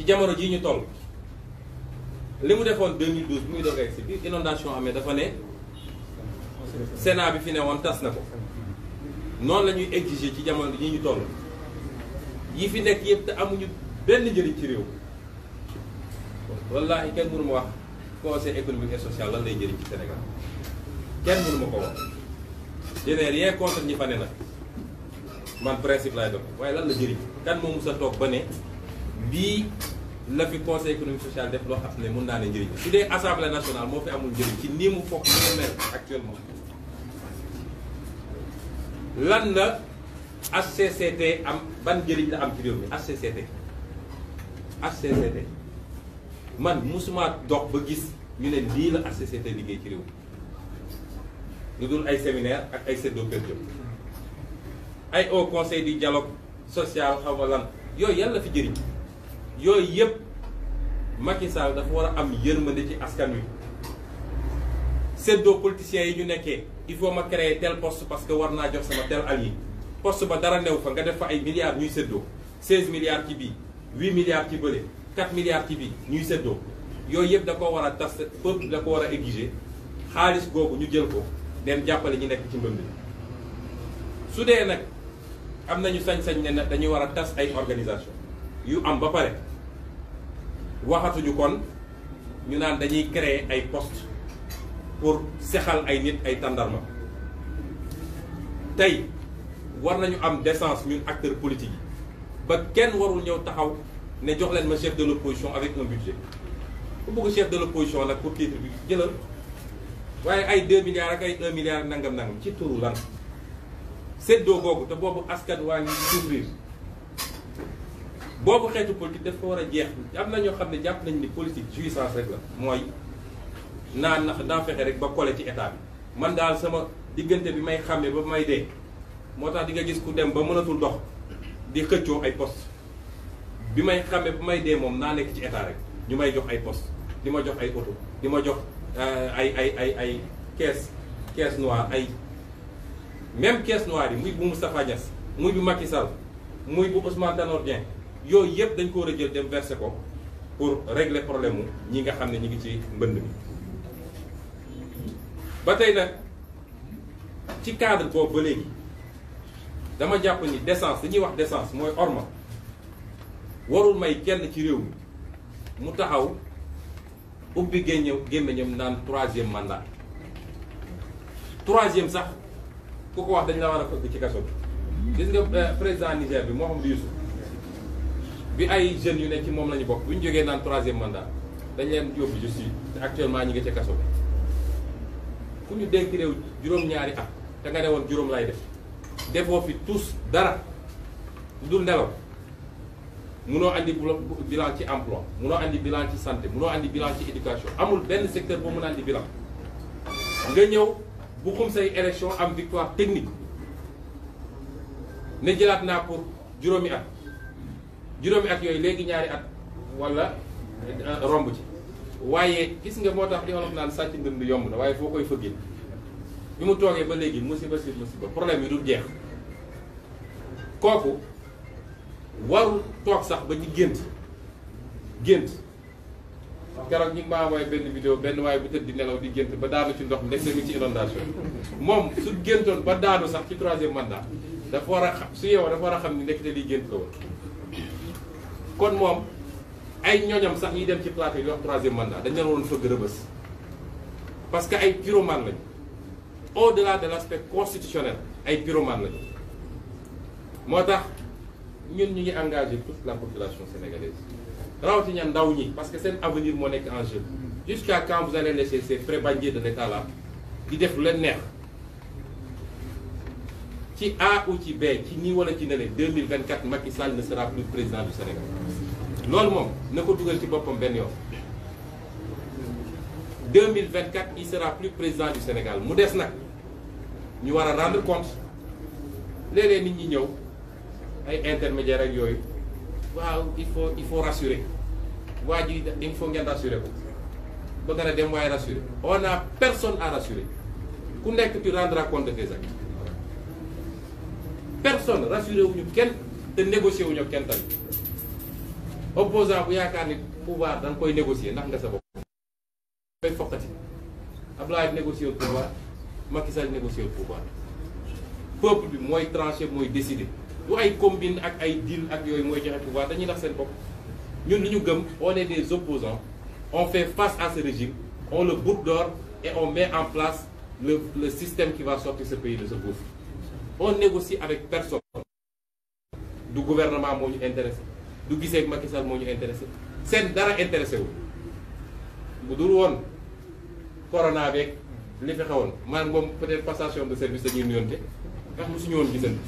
ci jamono jii ñu toll li mu defoon 2012 bu muy doog a egsi bi inondation amee dafa ne Sénat bi fi ne woon tas na ko noonu la ñuy exiger ci jamono jii ñu toll yi fi nekk yëpp te amuñu benn njëriñ ci réew wallaahi kenn mënu ma wax conseil économique et social lan lay njëriñ ci Sénégal kenn mënu ma ko wax je n'ai rien ñi fa ne nag man principe laay doon waaye lan la njëriñ kan moo mus toog ba ne bii la fi conseil économique social def loo xam ne mun naa ne njëriñ su dee assemblée nationale moo fi amul njëriñ ci nii mu foog ni mu mel actuellement lan la HCCT am ban njëriñ la am ci réew mi HCCT HCCT man musuma dox ba gis ñu ne lii la HCCT liggéey ci réew mi lu dul ay séminaire ak ay séddoo kër jëm ay au conseil du dialogue social xaw ma lan yooyu yàlla fi jëriñ yooyu yëpp Macky Sall dafa war a am yërmande ci askan wi seddoo politiciens yi ñu nekkee il faut ma créer tel poste parce que war naa jox sama tel alli poste ba dara new fa nga def fa ay milliards ñuy seddoo 16 milliards ci bii 8 milliards ci bële 4 milliards ci bii ñuy seddoo yooyu yëpp da ko war a tas peuple da ko war a exiger xaalis googu ñu jël ko dem jàppale ñi nekk ci mbëm mi su dee nag am nañu sañ-sañ ne nag dañuy war a tas ay organisation yu am ba pare waxatuñu kon ñu naan dañuy créer ay post pour sexal ay nit ay tàndarma tey war nañu am décence ñun acteurs politiques yi ba kenn warul ñëw taxaw ne jox leen ma chef de l'opposition avec un budget ku bëgg chef de l'opposition nag pour titre bi jëlal waaye ay 2 milliards ak ay 1 milliard nangam-nangam ci turu lan séddoo googu te boobu askan waa ngi souffrir boobu xeetu politique daf ko war a jeex am na ñoo xam ne jàpp nañ ni politique jouissance rek la mooy naa na naa fexe rek ba kole ci état bi man daal sama diggante bi may xàmmee ba may dee moo tax di nga gis ku dem ba mënatul dox di xëccoo ay poste bi may xàmmee ba may dee moom naa nekk ci état rek ñu may jox ay poste di ma jox ay oto di ma jox euh, ay ay ay ay caisse caisse noire ay même caisse noire yi muy bu Moustapha Niass muy bu Macky Sall muy bu Ousmane Tanor Dieng yooyu yëpp dañ ko war a jël dem verser ko pour régler problème mu ñi nga xam ne ñu ngi ci mbënd mi. ba tey nag ci cadre boobu ba léegi dama jàpp ni décence li ñuy wax décence mooy orma warul may kenn ci réew mi mu taxaw ubbi génne gémmiñam naan troisième mandat troisième sax ku ko wax dañ la war a fëgg ci kaso bi gis nga euh, président Niger bi moo xam Youssouf bi ay jeunes yu ne ci moom lañu ñu bokk bu ñu jógee naan troisième mandat dañ leen yóbbu justice te actuellement ñi ngi ca kaso bi fu ñu dénk réew juróom-ñaari at te nga ne woon juróom lay def defoo fi tous dara du nelaw munoo andi bilan ci emploi munoo andi bilan ci santé munoo andi bilan ci éducation amul benn secteur boo mun a andi bilan nga ñëw bu xum say élection am victoire technique ne jëlaat naa pour juróomi at juróom at yooyu léegi ñaari at wala euh, romb ci waaye gis nga moo tax li olof naan sàcc ndënd yomb na waaye foo koy fëggee bi mu toogee ba léegi musiba si musiba problème yi dul jeex kooku waru toog sax ba ci gént gént keroog ñu ngi ma envoyé benn vidéo benn waaye bu tëdd di nelaw di gént ba daanu ci ndox mi nekk mi ci inondation moom su géntoon ba daanu sax ci troisième mandat dafa war a xam su yeewoo daf war a xam ni nekk te liy gént la woon kon moom ay ñooñam sax ñuy dem ci plateau yi wax troisième mandat dañ leen waroon fëgg rëbës parce que ay pyromane lañu au delà de l'aspect constitutionnel ay pyromane lañu moo tax ñun ñu ngi engagé toute la population sénégalaise ñan ndaw ñi parce que seen avenir moo nekk en jeu jusqu'à quand vous allez laisser ces prébendiers de l'état là di def lu leen neex ci A ou ci B ci nii wala ci nele 2024 Macky Sall ne sera plus président du Sénégal L'homme, ne na ko dugal ci boppam benn 2024 il sera plus président du Sénégal Nous allons ñu rendre compte Les gens nit ñi ñëw ay intermédiaire il faut il faut rassurer il faut rassurer ko rassurer on a personne à rassurer ku nekk tu rendras compte de tes actes personne rassuré wuñu kenn te négocier wuñu kenn opposant bu yaakaar ni pouvoir da nga koy négocier ndax nga sa bopp koy foqati Abdoulaye négocier le pouvoir Macky Sall négocier le pouvoir peuple bi mooy tranché mooy décider du ay combine ak ay deal ak yooyu mooy joxe pouvoir dañuy pouvoir. seen bopp ñun li ñu gëm on est des opposants on fait face à ce régime on le boucle d'or et on met en place le système qui va sortir ce pays de ce gouffre on négocie avec personne du gouvernement moo ñu intéressé du gisee ak moo ñu intéressé seen dara intéressé wu bu dul woon corona beeg li fi woon man moom peut-être passation de service dañuy nuyonte ndax mosuñu woon gisante